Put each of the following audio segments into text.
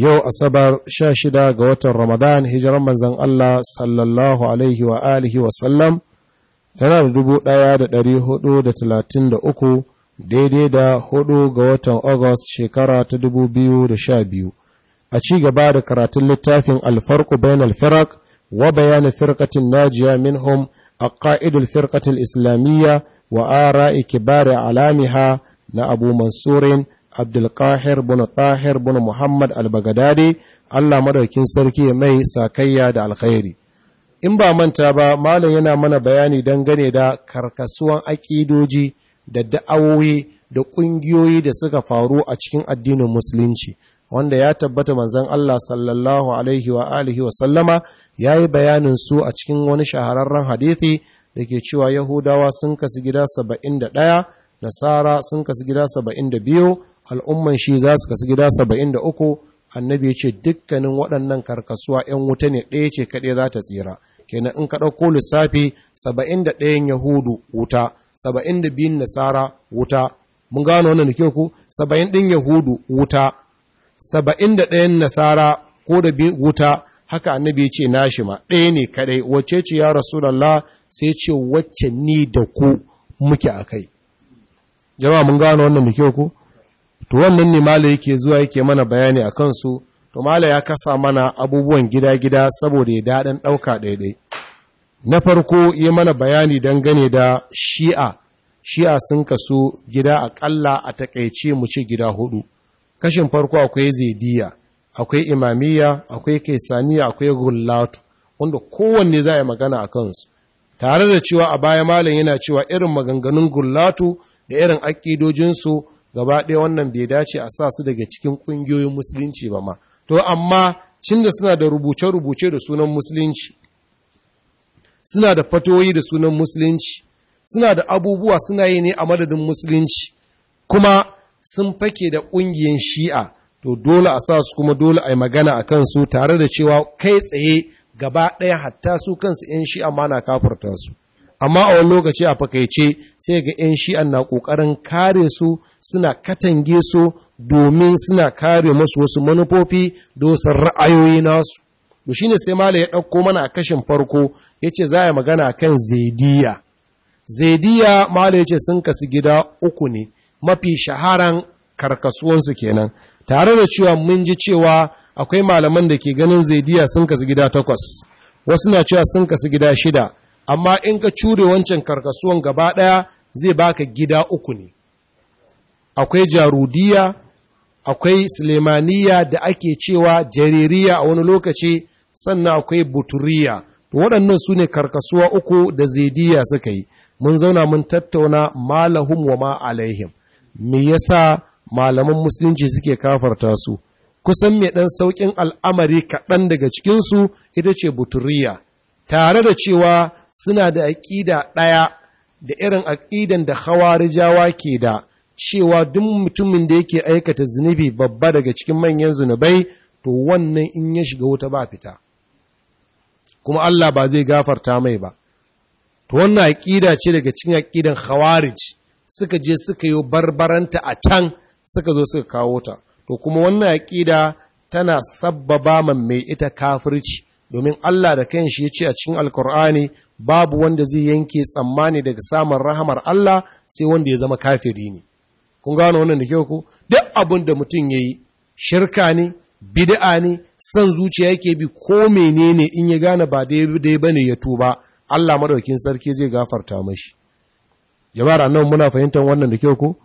yau asabar sha shida ga watan ramadan hijiran manzan Allah sallallahu alaihi wa alihi wasallam tana da dubu ɗaya da ɗari huɗu da talatin da uku daidai da huɗu ga watan agust shekara ta dubu biyu da sha biyu a ci gaba da karatun littafin alfarku bayan alfirak wa bayani firkatin najiya minhum a ƙa'idul firkatin islamiyya wa ara ikibari alamiha na abu mansurin abdulkahir bin tahir bin muhammad albagadadi allah madaukin sarki mai sakayya da alkhairi in ba manta ba malam yana mana bayani dangane da karkasuwan aƙidoji da da'awoyi da ƙungiyoyi da suka faru a cikin addinin musulunci wanda ya tabbata manzon Allah sallallahu alaihi wa alihi wa sallama yayi bayanin su a cikin wani shahararren hadithi dake cewa Yahudawa sun kasu gida 71 Nasara sun kasu gida 72 al'umman shi za su kasu gida saba'in da uku annabi ya ce dukkanin waɗannan karkasuwa 'yan wuta ne ɗaya ce kaɗai za ta tsira kenan in ka ɗauko lissafi saba'in da ɗayan yahudu wuta saba'in da biyun nasara wuta mun gano wannan da ku saba'in ɗin yahudu wuta saba'in da ɗayan nasara ko da biyu wuta haka annabi ce nashi ma ɗaya ne kaɗai wacce ce ya rasulallah sai ce wacce ni da ku muke a kai jama'a mun gano wannan da ku to wannan ne mala yake zuwa yake mana bayani a kansu to mala ya kasa mana abubuwan gida-gida saboda ya daɗin ɗauka ɗaiɗai na farko yi mana bayani dangane da shi'a shi'a sun kasu gida aƙalla a taƙaice mu ce gida hudu kashin farko akwai zaidiya akwai imamiyya akwai kaisaniya akwai gullatu wanda kowanne za a yi magana a kansu tare da cewa a baya malam yana cewa irin maganganun gullatu da irin aƙidojinsu gaba ɗaya wannan bai dace a sa su daga cikin ƙungiyoyin musulunci ba ma to amma cin da suna da rubuce-rubuce da sunan musulunci suna da fatoyi da sunan musulunci suna da abubuwa suna yi ne a madadin musulunci kuma sun fake da ƙungiyar shi'a to dole a sa su kuma dole a yi magana a kansu tare da cewa kai tsaye gaba ɗaya hatta su kansu 'yan shi'a ma na kafurta su amma a wani lokaci a fakaice sai ga 'yan shi'an na ƙoƙarin kare su suna katange su domin suna kare masu wasu manufofi dosan ra'ayoyi nasu da shi ne sai mala ya ɗauko mana a kashin farko ya ce za a magana kan zaidiya zaidiya mala ya ce sun kasu gida uku ne mafi shaharan karkasuwansu kenan tare da cewa mun ji cewa akwai malaman da ke ganin zaidiya sun kasu gida takwas wasu na cewa sun kasu gida shida amma in ka cure wancan karkasuwan gaba ɗaya zai baka gida uku ne akwai jarudiya akwai sulemaniya da ake cewa jaririya a wani lokaci sannan akwai buturiya waɗannan su ne karkasuwa uku da zaidiya suka yi mun zauna mun tattauna malahum wa ma alaihim me yasa malaman musulunci suke kafarta su kusan mai ɗan sauƙin al'amari kaɗan daga cikinsu ita ce buturiya tare da cewa suna da aƙida ɗaya da irin aƙidan da hawarijawa ke da cewa duk mutumin da yake aikata zunubi babba daga cikin manyan zunubai to wannan in ya shiga wuta ba fita kuma Allah ba zai gafarta mai ba to wannan aƙida ce daga cikin aƙidan hawarij suka je suka yi barbaranta a can suka zo suka kawo ta to kuma wannan aƙida tana sabbaba man mai ita kafirci domin Allah da kanshi ya ce a cikin alkur'ani babu wanda zai yanke tsammani daga samun rahamar Allah sai wanda ya zama kafiri ne kun gano wannan da kyau ko duk abin da mutum ya yi shirka ne bida'a ne san zuciya yake bi ko menene in ya gane ba daidai ne ya tuba Allah madaukin sarki zai gafarta mashi jama'ar annabi muna fahimtar wannan da kyau ko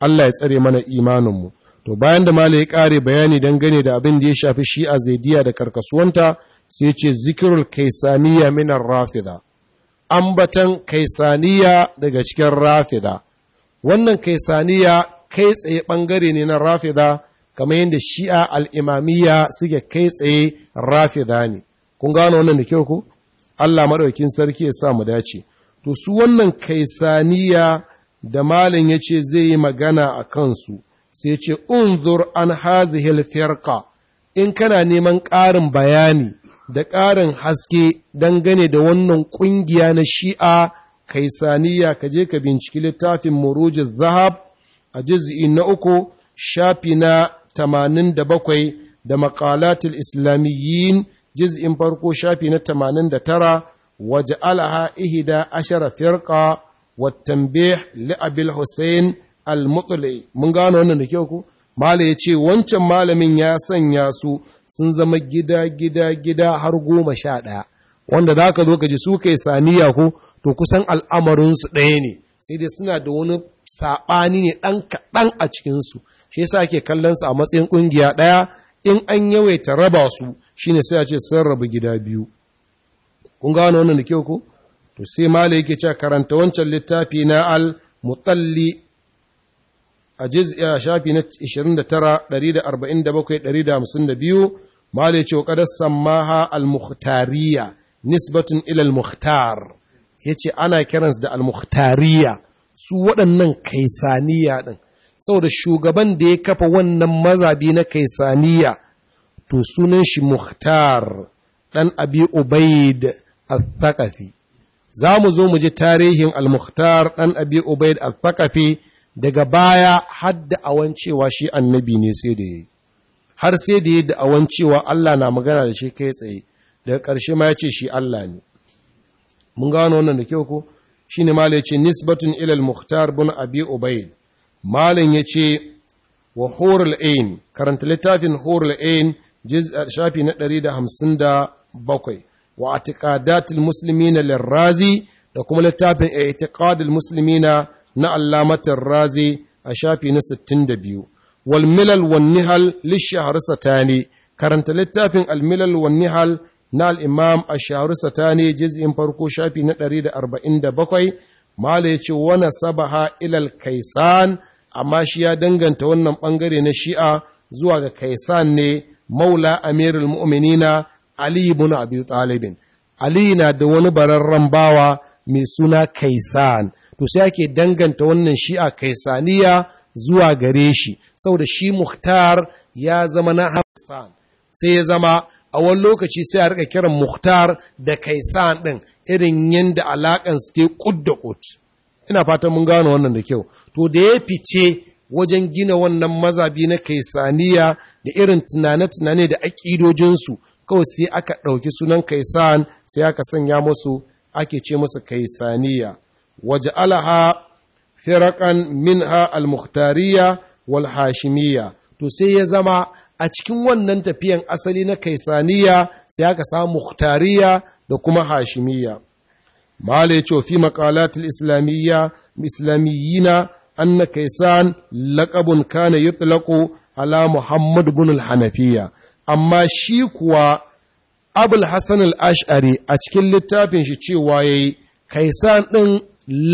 Allah ya tsare mana imanin mu to bayan da malai ya kare bayani dangane da abin da ya shafi shi'a zaidiya da karkasuwanta sai ce zikirul kaisaniya minar rafida ambatan kaisaniya daga cikin rafida wannan kaisaniya kai tsaye ɓangare ne na rafida kamar yadda shi'a al'imamiya suke kai tsaye rafida ne kun gano wannan da kyau ku allah maɗaukin sarki ya sa mu dace to su wannan kaisaniya da malin ya ce zai yi magana a kansu sai ce unzur an hadhihi firqa in kana neman ƙarin bayani da ƙarin haske dangane da wannan ƙungiya na shi'a kaisaniya ka je ka binciki littafin moroji zahab a juz'i na uku shafi na tamanin da bakwai da maƙalatul islamiyyin juz'in farko shafi na tamanin da tara waje alaha ihida ashara firka wattambih li'abil hussein al-mutli mun gano wannan da kyau ku mala ya ce wancan malamin ya sanya su sun zama gida gida gida har goma sha ɗaya wanda za ka zo ka ji su kai saniya ko to kusan al'amarinsu ɗaya ne sai dai suna da wani saɓani ne ɗan kaɗan a cikinsu shi yasa ake kallon su a matsayin ƙungiya ɗaya in an yawaita raba su shine sai a ce sun rabu gida biyu kun gano wannan da kyau ko to sai malai yake cewa karanta wancan littafi na al mutalli a jiz'a shafi na 29 147 152 malai ce wa sammaha al-mukhtariya nisbatun ilal al Ya ce, ana kiransu da al su waɗannan kaisaniya din saboda shugaban da ya kafa wannan mazabi na kaisaniya to sunan shi mukhtar ɗan abi ubaid al-thaqafi za mu zo mu ji tarihin al-mukhtar ɗan abi ubaid al-thaqafi daga baya hadda awan cewa shi annabi ne sai da yayi har sai da yadda da'awan cewa Allah na magana da shi kai tsaye daga ƙarshe ma ya ce shi Allah ne mun gano wannan da kyau ko shine ya ce, nisbatun ilal muhtar bin abi Malam malin ce wa horal ain karanta littafin Horal ain juz shafi na ɗari da da hamsin bakwai, wa musulmi na lirrazi da kuma littafin i'tiqadul musulmi na allamatar razi a shafi na sittin da biyu. wal milal wan nihal li karanta littafin al milal na al imam ash-shahr satani farko shafi na ɗari da da arba'in bakwai, mala ya ce nasabaha sabaha ilal kaisan amma shi ya danganta wannan bangare na shi'a zuwa ga kaisan ne maula amirul mu'minina ali ibn abi talibin ali na da wani bararren bawa mai suna kaisan to sai ake danganta wannan shi'a kaisaniya zuwa gare shi saboda shi muhtar ya zama na hafsan sai ya zama a wani lokaci sai a rika kiran muhtar da kaisan ɗin irin yadda alaƙan su ta kud da kud ina fatan mun gano wannan da kyau to da ya fice wajen gina wannan mazabi na kaisaniya da irin tunane-tunane da aƙidojinsu kawai sai aka ɗauki sunan kaisan sai aka sanya musu ake ce musu kaisaniya waje alaha firakan minha al-muhtariya wal hashimiyya to sai ya zama a cikin wannan tafiyan asali na kaisaniya sai aka samu muhtariya da kuma hashimiyya malai ce fi maqalatil islamiyya islamiyyina anna kaisan laqabun kana yutlaqu ala muhammad ibn al-hanafiya amma shi kuwa abul hasan al-ash'ari a cikin littafin shi cewa yayi kaisan ɗin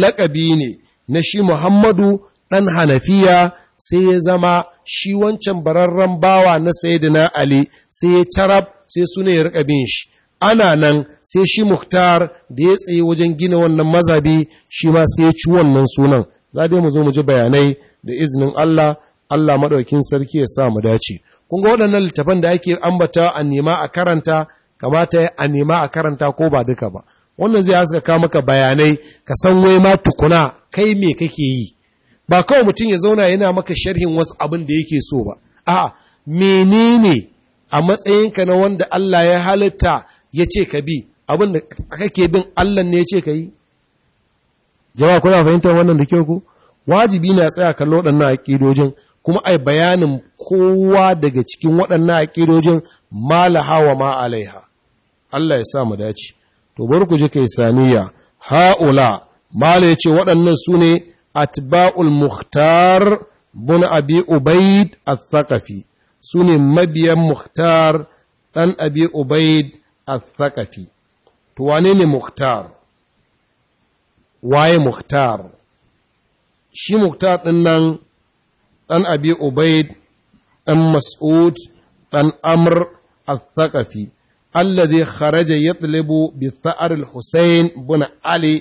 laƙabi ne na shi Muhammadu ɗan Hanafiya sai ya zama shi wancan bararren bawa na Sayyidina Ali sai ya carab sai suna ya riƙa bin shi. Ana nan sai shi Muktar da ya tsaye wajen gina wannan mazabi shi ma sai ya ci wannan sunan. Za dai mu zo mu ji bayanai da izinin Allah, Allah maɗaukin sarki ya sa mu dace. Kun ga waɗannan littafan da ake ambata a nema a karanta, kamata a nema a karanta ko ba duka ba. Wannan zai haskaka maka bayanai, ka san wai ma tukuna kai me kake yi ba kawai mutum ya zauna yana maka sharhin wasu abin da yake so ba a menene a matsayinka na wanda Allah ya halitta ya ce ka bi abin da kake bin Allah ne ya ce ka yi jama'a kuna fahimtar wannan da kyau ko wajibi na tsaya kallo waɗannan aƙidojin kuma ai bayanin kowa daga cikin waɗannan aƙidojin malaha wa ma alaiha Allah ya sa mu dace to bari ku je kai saniya haula mala ya ce waɗannan su ne atba'ul muhtar bin abi ubaid al-thaqafi su ne mabiyan muhtar ɗan abi ubaid al-thaqafi to wane ne muhtar waye muhtar shi muhtar ɗin nan ɗan abi ubaid ɗan mas'ud ɗan amr al-thaqafi alladhi kharaja yatlubu bi tha'ar al-husayn bin ali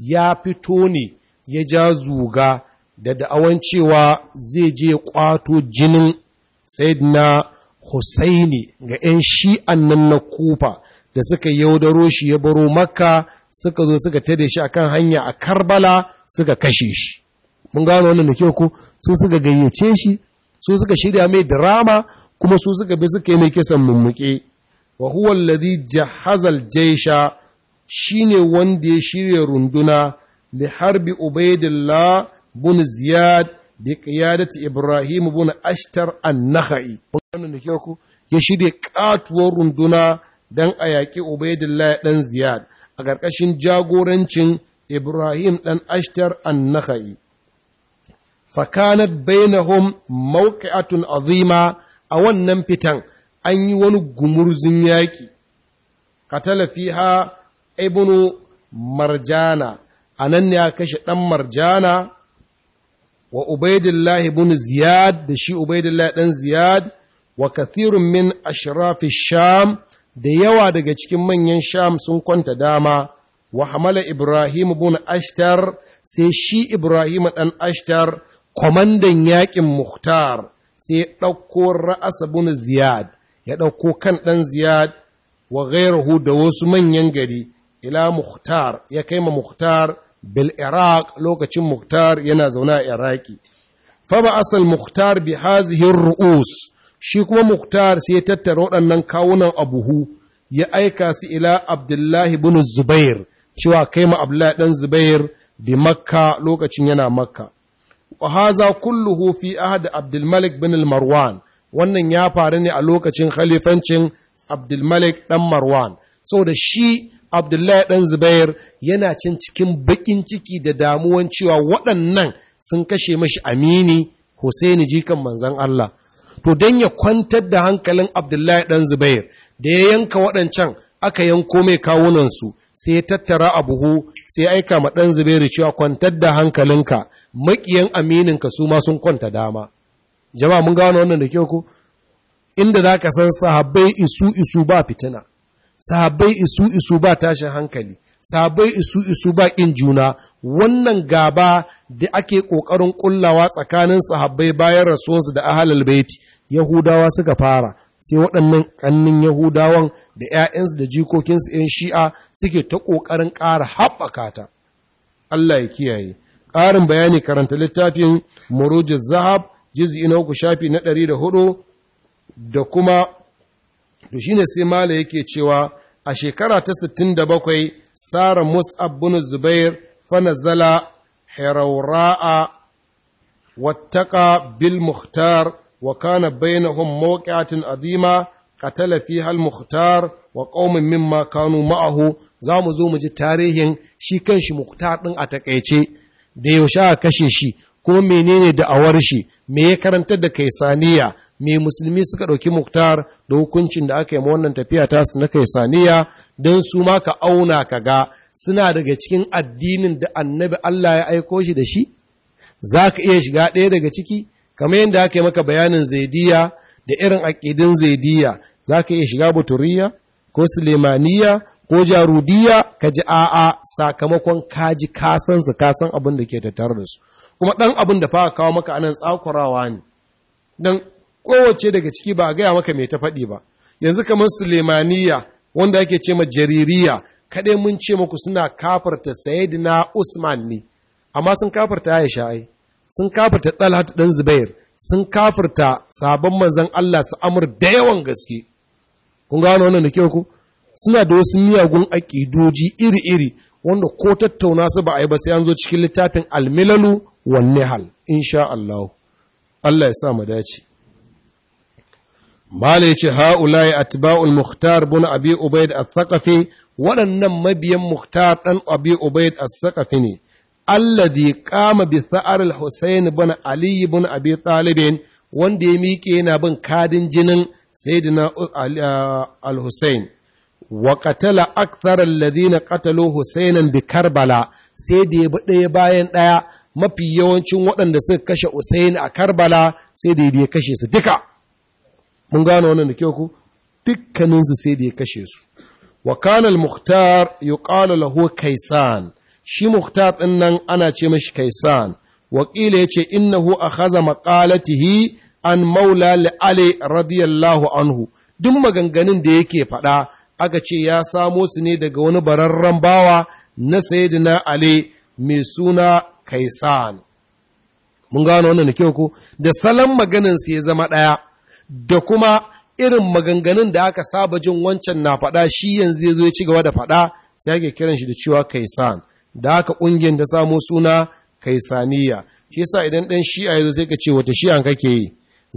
ya fito ne ya ja zuga da da'awan cewa zai je kwato jinin sayyidina Husaini ga 'yan shi'an nan na kufa da suka yaudaro shi ya baro makka suka zo suka tare shi akan hanya a karbala suka kashe shi mun gano wannan da kyau ko su suka gayyace shi su suka shirya mai drama kuma su suka bi suka yi mai kisan mummuke wa huwa alladhi jahazal jaysha shine wanda ya shirya runduna li harbi ubaidillah bin ziyad bi qiyadati ibrahim bin ashtar an-nakhai wannan ne ku ya shirya katuwar runduna dan a yaƙi ubaidillah dan ziyad a ƙarƙashin jagorancin ibrahim dan ashtar an-nakhai fakanat bainahum mawqi'atun azima a wannan fitan an yi wani gumurzun yaƙi katala fiha ibnu marjana a nan ne ya kashe ɗan marjana wa ubaidillah ibn ziyad da shi ubaidillah ɗan ziyad wa kathirun min ashrafi sham da yawa daga cikin manyan sham sun kwanta dama wa hamala ibrahim ibn ashtar sai shi ibrahim ɗan ashtar kwamandan yaƙin muhtar sai ya ɗauko ra'asa ibn ziyad ya ɗauko kan ɗan ziyad wa gairahu da wasu manyan gari ila muktar ya kai ma muhtar bil iraq lokacin muktar yana zaune a iraki fa ba asal muktar bi hazihi ru'us shi kuma mukhtar sai ya tattara waɗannan kawunan abuhu ya aika su ila abdullahi bin zubair cewa kai ma abdullahi dan zubair bi makka lokacin yana makka wa haza kulluhu fi ahad abdul malik bin marwan wannan ya faru ne a lokacin khalifancin abdul malik dan marwan saboda shi Abdullahi ɗan Zubair yana cin cikin baƙin ciki da damuwan cewa waɗannan sun kashe mashi amini Hussaini jikan manzan Allah. To don ya kwantar da hankalin Abdullahi ɗan Zubair da ya yanka waɗancan aka yanko mai kawunansu sai ya tattara a buhu sai aika ma ɗan Zubairu cewa kwantar da hankalinka maƙiyan amininka su ma sun kwanta dama. Jama'a mun gano wannan da kyau ko? Inda za ka san sahabbai isu isu ba fitina. sabai isu isu ba tashin hankali sabai isu isu ba ƙin juna wannan gaba da ake ƙoƙarin ƙullawa tsakanin sahabbai bayan rasuwarsu da ahalal baiti yahudawa suka fara sai waɗannan ƙannin yahudawan da 'ya'yansu da jikokinsu 'yan shi'a suke ta ƙoƙarin ƙara haɓaka ta Allah ya kiyaye ƙarin bayani karanta littafin murujin zahab jizi na uku shafi na ɗari da hudu da kuma to shine sai mala yake cewa a shekara ta 67 sara mus'ab bin zubair fana nazala hirawra'a wattaqa bil muhtar wa kana bainahum mawqi'atun azima qatala fiha al muhtar wa qaumin mimma kanu ma'ahu za mu zo mu ji tarihin shi kanshi muhtar din a takaice da yaushe a kashe shi ko menene da'awar shi me ya karanta da kaisaniya me musulmi suka ɗauki muktar da hukuncin da aka yi ma wannan tafiya ta su na kai saniya don su ma ka auna ka ga suna daga cikin addinin da annabi Allah ya aiko shi da shi za ka iya shiga ɗaya daga ciki kamar yadda aka yi maka bayanin zaidiya da irin aƙidin zaidiya za ka iya shiga buturiya ko sulemaniya ko jarudiya ka ji a'a sakamakon kaji kasansu kasan abin da ke tattare da su kuma ɗan abin da fa kawo maka anan tsakurawa ne kowace daga ciki ba a gaya maka mai ta faɗi ba yanzu kamar sulemaniya wanda ake ce ma jaririya kaɗai mun ce maku suna kafarta sayidina usman ne amma sun kafarta aisha ai sun kafarta ɗalhat ɗan zubair sun kafarta sabon manzan allah su amur da yawan gaske kun gano wannan da kyau ku suna da wasu miyagun aƙidoji iri-iri wanda ko tattauna su ba a yi ba sai an zo cikin littafin almilalu wa nihal insha Allah Allah ya sa mu dace Mala ya ce, Ha'ulai atba'ul Mukhtar bin Abi Ubaid al-Thaqafi, waɗannan mabiyan Mukhtar ɗan Abi Ubaid al-Thaqafi ne, alladhi kama bi sa'ar al-Husayn bin Ali bin Abi Talibin, wanda ya miƙe yana bin kadin jinin Sayyidina uh, al-Husayn. Wa qatala akthar alladhina qatalu Husaynan bi Karbala, sai da ya bi ɗaya bayan ɗaya mafi yawancin waɗanda suka kashe Husayn a Karbala sai da ya kashe su duka. mun gano wannan da kyau ku dukkaninsu sai da ya kashe su wa kana al-mukhtar yuqalu lahu kaisan shi mukhtar din nan ana ce mashi kaisan wa qila yace innahu akhadha maqalatihi an maula li ali radiyallahu anhu duk maganganun da yake faɗa aka ce ya samo su ne daga wani bararren bawa na sayyidina ali mai suna kaisan mun gano wannan da kyau ku da salon maganin ya zama ɗaya da kuma irin maganganun da aka saba jin wancan na faɗa shi yanzu ya zo ya ci gaba da faɗa sai ake kiran shi da cewa kaisan da aka ƙungiyar ta samo suna kaisaniya shi yasa idan ɗan shi'a ya zo sai ka ce wata shi'an kake yi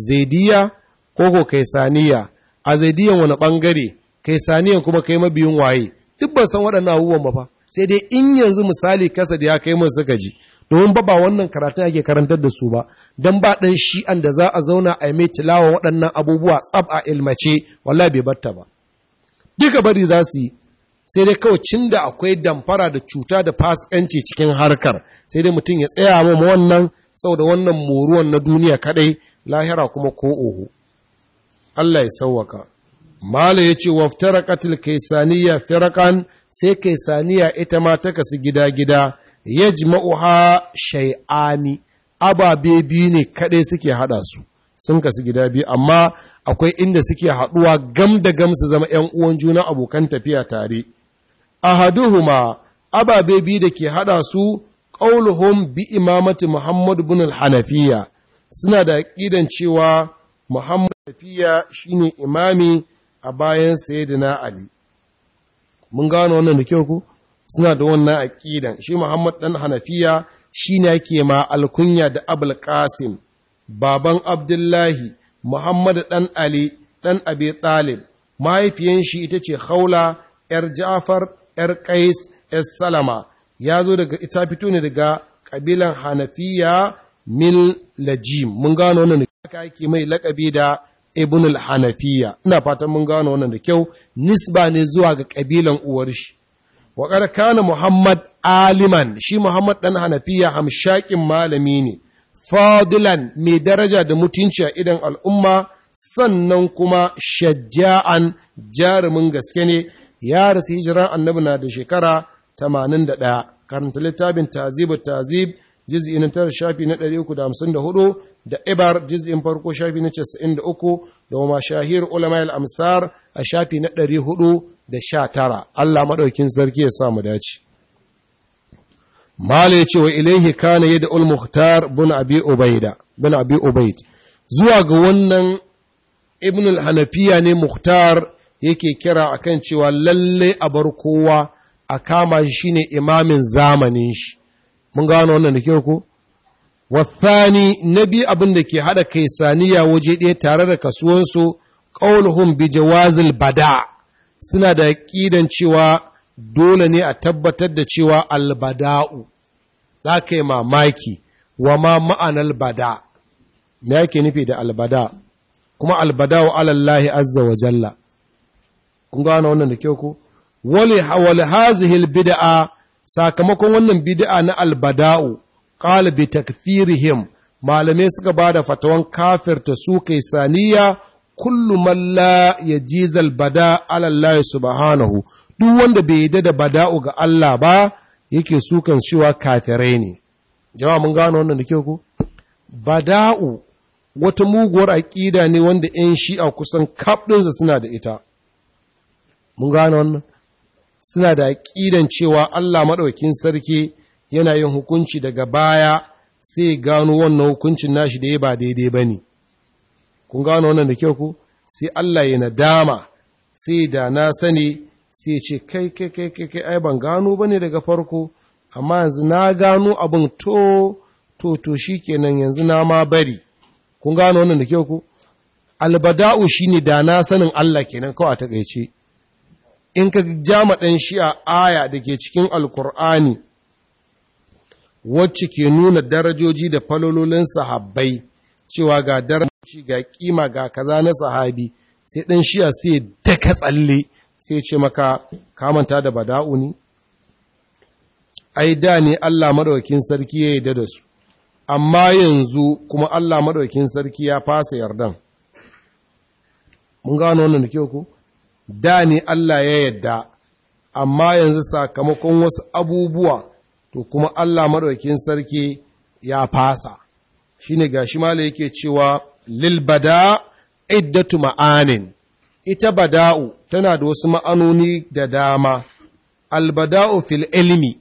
zaidiya ko ko kaisaniya a zaidiyan wani ɓangare kaisaniyan kuma kai mabiyin waye duk ban san waɗannan abubuwan ba fa sai dai in yanzu misali kasa da ya kai mun suka ji domin ba ba wannan karatun ake karantar da su ba don ba ɗan shi'an da za a zauna a mai tilawa waɗannan abubuwa tsab a ilmace wallahi bai batta ba duka bari za su yi sai dai kawai cin da akwai damfara da cuta da fasikanci cikin harkar sai dai mutum ya tsaya ma wannan saboda wannan moruwan na duniya kaɗai, lahira kuma ko oho Allah ya sauwaka mala ya ce waftara katil kaisaniya firakan sai kaisaniya ita ma ta kasu gida-gida yajma'uha Shai'ani ababe biyu ne kaɗai suke haɗa su sun kasu gida biyu amma akwai inda suke haɗuwa gam da gam su zama ‘yan uwan juna abokan tafiya tare ahaduhuma ababe biyu da ke haɗa su ƙauluhum bi imamati Muhammadu bin al-hanafiya suna da ƙidan cewa muhammad tafiya shine imami a bayan sayyidina ali mun gano wannan da kyau ku suna da wannan aƙidan shi Muhammad ɗan Hanafiya shi shine ke ma alkunya da Abul Qasim baban Abdullahi Muhammad ɗan Ali ɗan Abi Talib mahaifiyan shi ita ce haula yar Ja'far yar Qais yar Salama ya zo daga ita fito ne daga ƙabilan Hanafiya min Lajim mun gano wannan haka yake mai lakabi da Ibn al-Hanafiya ina fatan mun gano wannan da kyau nisba ne zuwa ga ƙabilan uwar shi Waƙar kana Muhammad aliman shi Muhammad ɗan Hanafiya hamshakin malami ne fadilan mai daraja da mutunci a idan al'umma sannan kuma shajja'an jarumin gaske ne ya rasu hijiran annabi na da shekara 81 karanta littafin tazibu tazib jiz'in tara shafi na 354 da ibar jiz'in farko shafi na 93 da wa mashahir ulama al-amsar a shafi na 400 da sha tara Allah maɗaukin sarki ya sa mu dace mala ya ce wa ilaihi kana yadda ulmuhtar bin abi ubaida ubaid zuwa ga wannan ibn al-hanafiya ne muhtar yake kira akan cewa lalle a bar kowa a kama shi shine imamin zamanin shi mun gano wannan da ke ko wathani nabi abin da ke hada kaisaniya waje ɗaya tare da kasuwansu qauluhum bi jawazil bada' suna da ƙidan cewa dole ne a tabbatar da cewa albada'u za ka yi mamaki wa ma ma'anar bada me yake nufi da albada kuma albada'u alallahi azza wa jalla kun gano wannan da kyau ko wali hazihil bid'a sakamakon wannan bida'a na albada'u qala bi takfirihim malamai suka ba da fatawan kafirta su kai saniya kullu man la bada ala subhanahu duk wanda bai yadda da bada'u ga Allah ba yake sukan cewa kafirai ne jama'a mun gano wannan da kyau ko bada'u wata muguwar aƙida ne wanda 'yan shi'a kusan kaɗinsa suna da ita. Mun gano wannan? Suna da aƙidan cewa Allah maɗaukin sarki yana yin hukunci daga baya sai gano wannan hukuncin nashi da ya ba daidai ba ne. kun gano wannan da kyau ku sai Allah ya nadama sai da na sani sai ce kai kai kai kai kai ai ban gano bane daga farko amma yanzu na gano abin to to to shikenan yanzu na ma bari kun gano wannan da kyau ku albada'u shine da na sanin Allah kenan kawai a gaice in ka jama dan shi'a aya ke cikin alkur'ani wacce ke nuna darajoji da falololin sahabbai cewa ga daraja mutunci ga kima ga kaza na sahabi sai dan shiya sai daka tsalle sai ce maka kamanta da bada'u ne ai da ne Allah madaukakin sarki ya yarda da su amma yanzu kuma Allah madaukakin sarki ya fasa yardan mun gano wannan da kyau ko da ne Allah ya yarda amma yanzu sakamakon wasu abubuwa to kuma Allah madaukakin sarki ya fasa shine gashi mala yake cewa lilbada' bada iddatu ma'anin ita bada'u tana da wasu ma'anoni da dama albada'u fil ilmi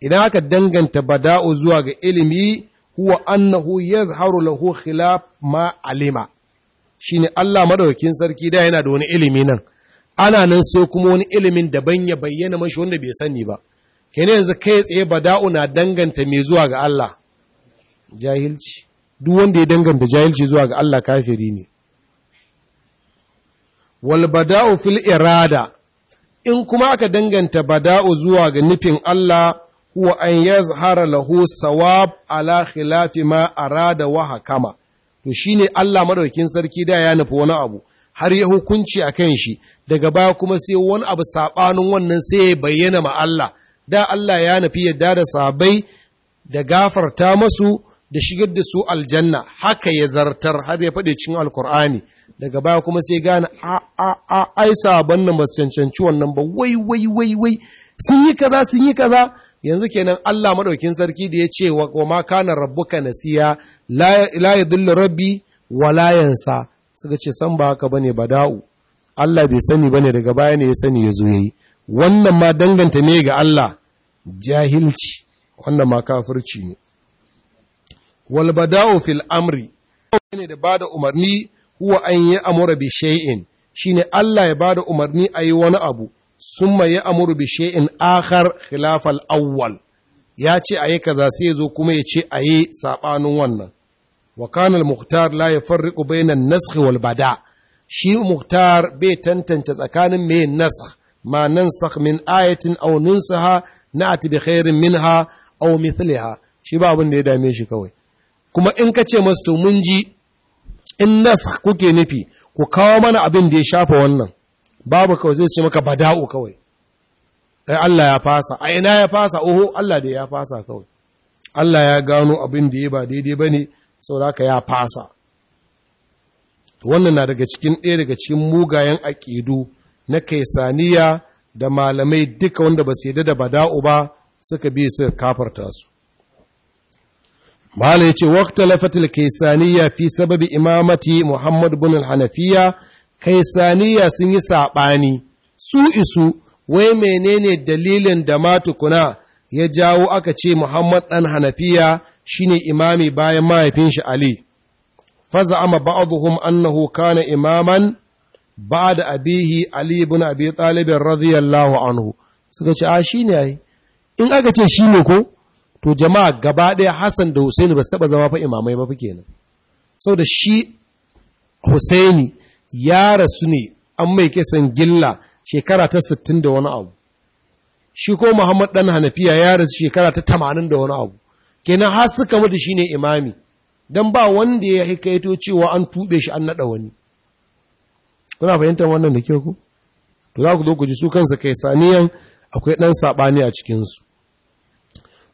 idan aka danganta bada'u zuwa ga ilimi huwa annahu yadhharu lahu khilaf ma alima shine Allah madaukakin sarki da yana da wani ilimi nan ana nan sai kuma wani ilimin da ban ya bayyana mashi wanda bai sani ba Kene yanzu kai tsaye bada'u na danganta mai zuwa ga Allah jahilci duk wanda ya danganta jahilci zuwa ga Allah kafiri ne wal bada'u fil irada in kuma aka danganta bada'u zuwa ga nufin Allah huwa an yazhara lahu sawab ala khilafi ma arada wa hakama to shine Allah madaukin sarki da ya nufi wani abu har ya hukunci a kan shi daga baya kuma sai wani abu saɓanin wannan sai ya bayyana ma Allah da Allah ya nufi yadda da sabai da gafarta masu da shigar da su aljanna haka ya zartar har ya faɗe cikin alkur'ani daga baya kuma sai gane a a a sabon nan cancanci wannan ba wai wai wai wai sun yi kaza sun yi kaza yanzu kenan Allah maɗaukin sarki da ya ce wa ma kana rabbuka nasiya la yadullu rabbi wa la yansa suka ce san ba haka bane da'u. Allah bai sani bane daga baya ne ya sani ya zo yayi wannan ma danganta ne ga Allah jahilci wannan ma kafirci ne walbada'u fil amri ne da bada umarni huwa an yi amura bi shay'in shine Allah ya bada umarni a yi wani abu summa ya amuru bi shay'in akhar khilaf al awwal ya ce ayi kaza sai ya zo kuma ya ce ayi sabanin wannan wa kana al muhtar la yafarriqu bayna an nasakh wal bada shi muhtar bai tantance tsakanin me nasakh ma nansakh min ayatin aw nunsaha na'ti bi khairin minha aw mithliha shi ba abin da ya dame shi kawai kuma in ka ce masu to mun ji in nas kuke nufi ku kawo mana abin da ya shafa wannan babu kawai zai ce maka bada'u kawai ai Allah ya fasa a ina ya fasa oho Allah da ya fasa kawai Allah ya gano abin da ya ba daidai bane saboda ya fasa wannan na daga cikin ɗaya daga cikin mugayen aƙidu na kaisaniya da malamai duka wanda ba su dada da bada'u ba suka bi su kafarta su Mala ya ce, Wakta lafatil kaisaniya fi sababi imamati Muhammadu bin hanafiya kaisaniya sun yi saɓani, su isu, wai menene dalilin da ma tukuna ya jawo aka ce Muhammad ɗan hanafiya shine imami bayan mahaifin shi Ali. فزعم بعضهم annahu Kana imaman بعد da abihi Ali bin Abi رضي radiyallahu anhu. suka ce a shi ne in aka ce shi ne ko to jama'a gaba ɗaya Hassan da Husaini ba su taɓa zama fa imamai ba nan, sau da shi Husaini ya rasu ne an mai kisan gilla shekara ta sittin da wani abu shi ko Muhammad ɗan Hanafiya ya rasu shekara ta tamanin da wani abu kenan har suka mutu shi ne imami don ba wanda ya hikaito cewa an tuɓe shi an naɗa wani kuna fahimtar wannan da kyau ku to za ku zo ku su kansa kai saniyan akwai ɗan saɓani a cikinsu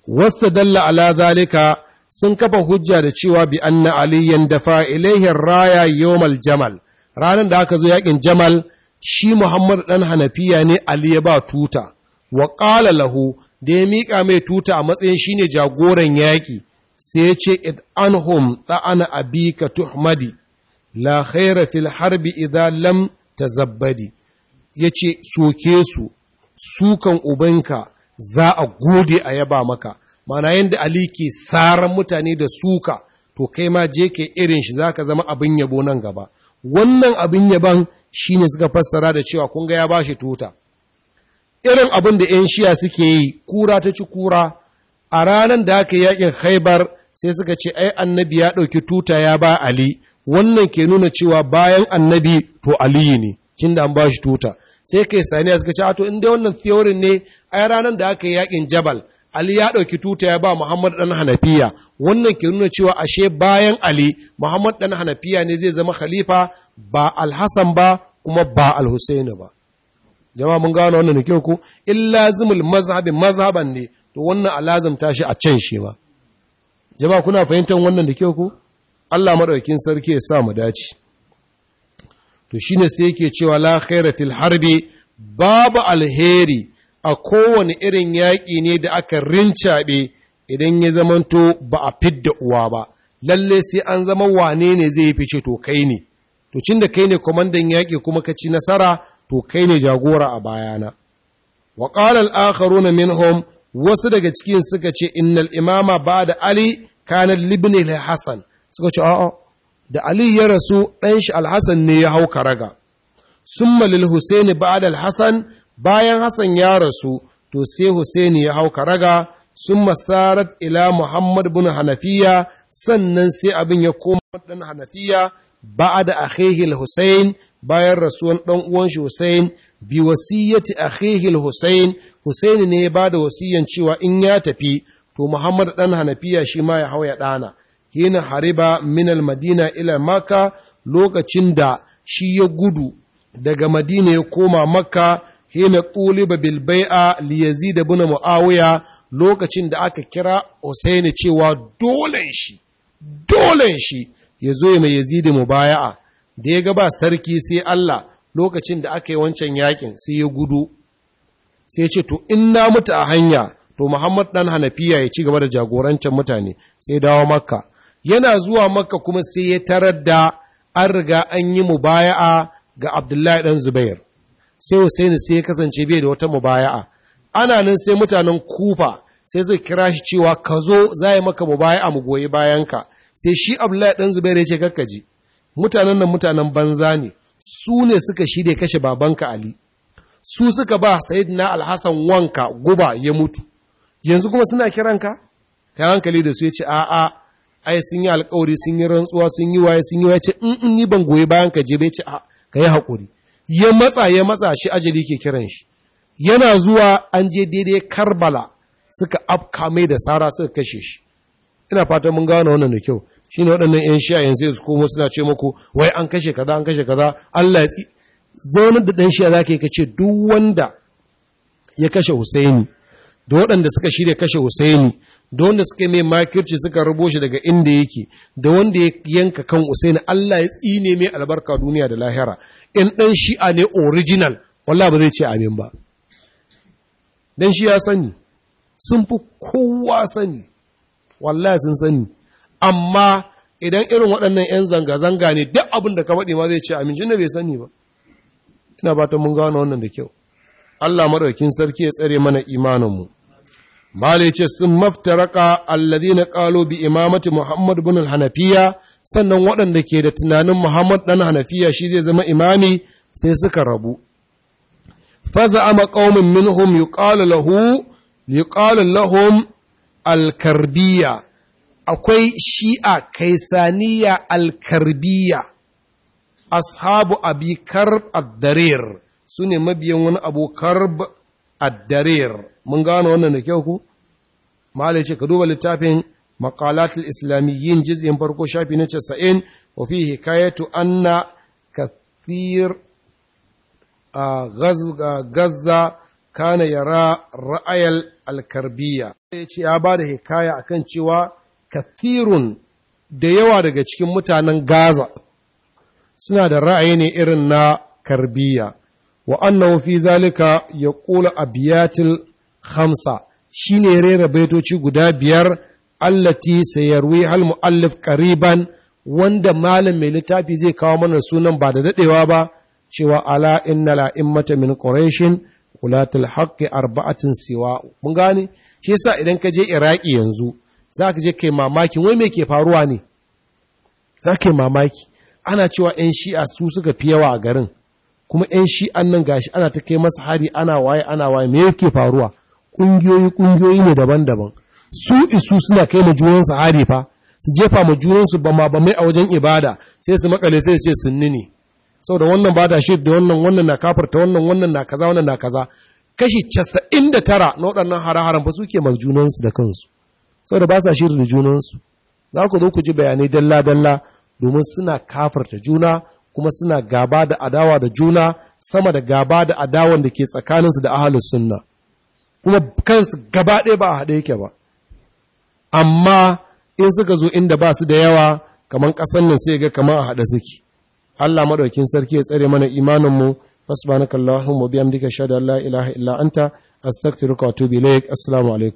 wasta dalla ala zalika sun kafa hujja da cewa bi anna aliyan dafa ilaihin raya yawmal jamal ranar da aka zo yakin jamal shi muhammad dan hanafiya ne ali ya ba tuta wa qala lahu da ya miƙa mai tuta a matsayin shine jagoran yaƙi sai ya ce id anhum ta'ana abika tuhmadi la khaira fil harbi idha lam tazabbadi yace soke su sukan ubanka za a gode a yaba maka mana yadda ali ke saran mutane da suka to kai ma je ke irin shi zaka zama abin yabo nan gaba wannan abin yaban shine suka fassara da cewa kun ga ya bashi tuta irin abin da yan shiya suke yi kura ta ci kura a ranar da aka yakin haibar sai suka ce ai annabi ya ɗauki tuta ya ba ali wannan ke nuna cewa bayan annabi to aliyu ne kin da an ba tuta sai kai saniya suka ce to inda wannan theory ne ai ranar da aka yi yakin jabal ali ya ɗauki tuta ya ba muhammad dan hanafiya wannan ke nuna cewa ashe bayan ali muhammad ɗan hanafiya ne zai zama khalifa ba alhassan ba kuma ba alhusaini ba jama'a mun gano wannan ke ku, in lazimul mazhabin mazhaban ne to wannan alazamta shi a can shi ma jama'a kuna fahimtar wannan da ke ku? Allah maɗaukin sarki ya sa mu dace to shine sai yake cewa la khaira harbi babu alheri a kowane irin yaƙi ne da aka rincaɓe idan ya zamanto ba a fidda uwa ba lalle sai an zama wane ne zai fice to kai ne to cin da kai ne kwamandan yaƙi kuma ka ci nasara to kai ne jagora a bayana wa ƙalal na minhum wasu daga cikin suka ce innal imama ba da ali kana libni hasan suka ce a'a da ali ya rasu ɗan shi alhassan ne ya hau karaga summa lil husaini ba da alhassan bayan Hassan ya rasu to sai Husaini ya hau karaga sun masarat ila Muhammad bin Hanafiya sannan sai abin ya koma ɗan Hanafiya a da ahihil Husain bayan rasuwan ɗan uwan shi Husain bi wasiyyati ahihil Husain hussaini ne ya da wasiyyan cewa in ya tafi to Muhammad ɗan Hanafiya shi ma ya hau ya ɗana hina hariba minal madina ila Makka lokacin da shi ya gudu daga madina ya koma makka hina tuliba bil bai'a li yazid ibn muawiya lokacin da aka kira Usaini cewa dolen shi dolen shi ya zo mai yazid mubaya'a da ya ga ba sarki sai Allah lokacin da aka yi wancan yakin sai ya gudu sai ce to in na mutu a hanya to Muhammad ɗan Hanafiya ya ci gaba da jagorancin mutane sai dawo Makka yana zuwa Makka kuma sai ya tarar da an riga an yi mubaya'a ga Abdullahi dan Zubair sai Husaini sai ya kasance bai da wata mubaya'a ana nan sai mutanen Kufa sai zai kira shi cewa ka zo za yi maka mubaya'a mu goyi bayanka sai shi Abdullahi dan Zubairu ya ce kakkaji mutanen nan mutanen banza ne su ne suka shirya kashe babanka Ali su suka ba Sayyidina al wanka guba ya mutu yanzu kuma suna kiranka ka hankali da su ya ce a'a ai sun yi alkawari sun yi rantsuwa sun yi waye sun yi waye ce in ni ban goyi bayan ka je bai ce a ka yi haƙuri ya matsa ya matsa shi ajali ke kiran shi yana zuwa an je daidai karbala suka afka mai da sara suka kashe shi ina fatan mun gano wannan da kyau shine waɗannan yan shi'a yanzu su komo suna ce muku wai an kashe kaza an kashe kaza Allah ya tsi zaunar da dan shi'a zaka yi kace duk wanda ya kashe Husaini da waɗanda suka shirya kashe Husaini da wanda suka mai makirci suka rabo shi daga inda yake da wanda ya yanka kan Usaini Allah ya tsine mai albarka duniya da lahira in dan shi'a ne original wallahi ba zai ce amin ba dan shi ya sani sun fi kowa sani wallahi sun sani amma idan irin waɗannan 'yan zanga-zanga ne duk abin da ka faɗi ma zai ce amin shi bai sani ba ina ba ta mun gano wannan da kyau Allah maɗaukin sarki ya tsare mana imaninmu Mali ce sun maftaraka allazi na ƙalo bi imamati Muhammad bin Hanafiya, sannan waɗanda ke da tunanin Muhammad ɗan Hanafiya shi zai zama imami sai suka rabu. Faza ama ƙaumin minhum yuqalu lahu yuqalu lahum alkarbiya akwai shi'a kaisaniya alkarbiya ashabu abi karb ad-darir sune mabiyan wani abu karb ad mun gano wannan da kyau ku malai ce ka duba littafin maqalatul islamiyyin juz'in farko shafi na 90 wa fi hikayatu anna kathir gazza kana yara ra'ayal alkarbiya ya ce ya ba da hikaya akan cewa kathirun da yawa daga cikin mutanen gaza suna da ra'ayi ne irin na karbiya wa annahu fi zalika ya ƙula biyatil khamsa shi ne rera baitoci guda biyar allati sayarwi hal mu'allif qariban wanda malam mai littafi zai kawo mana sunan ba da daɗewa ba cewa ala inna la immata min quraishin ulatul haqqi arba'atin siwa mun gane shi yasa idan ka je iraki yanzu za ka je kai mamaki wai me ke faruwa ne za ka yi mamaki ana cewa 'yan shi'a su suka fi yawa a garin kuma 'yan shi'an nan gashi ana ta kai masa hari ana waye ana waye me yake faruwa ƙungiyoyi kungiyoyi ne daban-daban su isu suna kai ma junansu hari fa su jefa ma junansu ba ma ba mai a wajen ibada sai su makale sai su ce sunni ne da wannan ba da shi da wannan wannan na kafarta wannan wannan na kaza wannan na kaza kashi 99 na waɗannan hare-haren su ke ma junansu da kansu Sau da ba sa shiri da junansu za ku zo ku ji bayanai dalla-dalla domin suna kafarta juna kuma suna gaba da adawa da juna sama da gaba da adawan da ke tsakaninsu da ahalus sunna kuma kansu gaba ɗaya ba a haɗe yake ba amma in suka zo inda ba su da yawa kaman ƙasan nan sai ga kaman a haɗa suke Allah maɗaukin sarki ya tsare mana imaninmu mu ba mu biyan Allah ilaha illa anta astaghfiruka wa alaikum